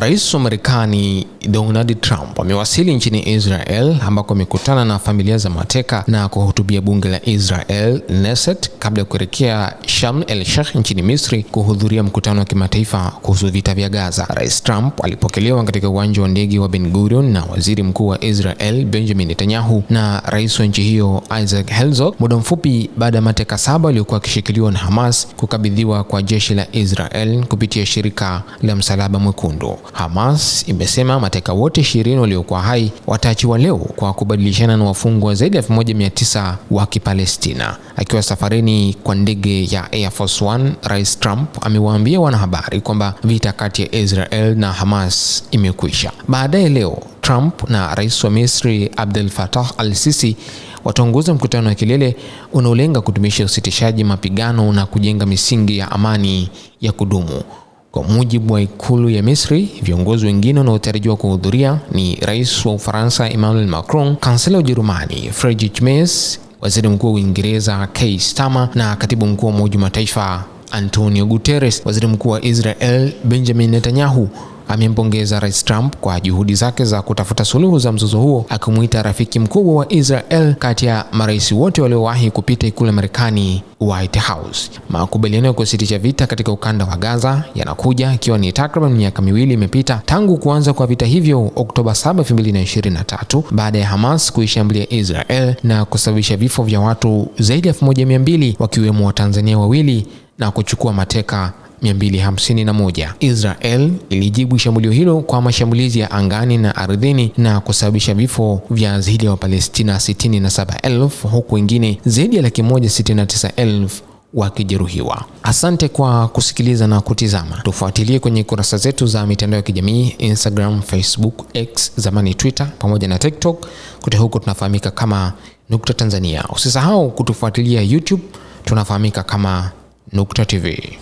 Rais wa Marekani Donald Trump amewasili nchini Israel ambako amekutana na familia za mateka na kuhutubia bunge la Israel Knesset kabla ya kuelekea Sharm el-Sheikh nchini Misri kuhudhuria mkutano wa kimataifa kuhusu vita vya Gaza. Rais Trump alipokelewa katika uwanja wa ndege wa Ben Gurion na Waziri Mkuu wa Israel Benjamin Netanyahu na rais wa nchi hiyo Isaac Herzog, muda mfupi baada ya mateka saba waliokuwa wakishikiliwa na Hamas kukabidhiwa kwa jeshi la Israel kupitia shirika la Msalaba Mwekundu. Hamas imesema mateka wote ishirini waliokuwa hai wataachiwa leo kwa kubadilishana na wafungwa zaidi ya 1900 wa Kipalestina. Akiwa safarini kwa ndege ya Air Force One, Rais Trump amewaambia wanahabari kwamba vita kati ya Israel na Hamas imekwisha. Baadaye leo Trump na Rais wa Misri Abdel Fattah al-Sisi wataongoza mkutano wa kilele unaolenga kudumisha usitishaji mapigano na kujenga misingi ya amani ya kudumu. Kwa mujibu wa ikulu ya Misri, viongozi wengine wanaotarajiwa kuhudhuria ni rais wa Ufaransa Emmanuel Macron, kansela wa Ujerumani Friedrich Merz, waziri mkuu wa Uingereza Keir Starmer na katibu mkuu wa Umoja wa Mataifa Antonio Guterres. Waziri mkuu wa Israel Benjamin Netanyahu amempongeza Rais Trump kwa juhudi zake za kutafuta suluhu za mzozo huo, akimuita rafiki mkubwa wa Israel kati ya marais wote waliowahi kupita ikulu ya Marekani, White House. Makubaliano ya kusitisha vita katika ukanda wa Gaza yanakuja ikiwa ni takriban miaka miwili imepita tangu kuanza kwa vita hivyo Oktoba 7, 2023 baada ya Hamas kuishambulia Israel na kusababisha vifo vya watu zaidi ya 1200 wakiwemo Watanzania wawili na kuchukua mateka 251. Israel ilijibu shambulio hilo kwa mashambulizi ya angani na ardhini na kusababisha vifo vya zaidi ya Wapalestina 67,000 huku wengine zaidi ya laki moja 69,000 wakijeruhiwa. Asante kwa kusikiliza na kutizama. Tufuatilie kwenye kurasa zetu za mitandao ya kijamii Instagram, Facebook, X zamani Twitter, pamoja na TikTok. Kote huko tunafahamika kama Nukta Tanzania. Usisahau kutufuatilia YouTube, tunafahamika kama Nukta TV.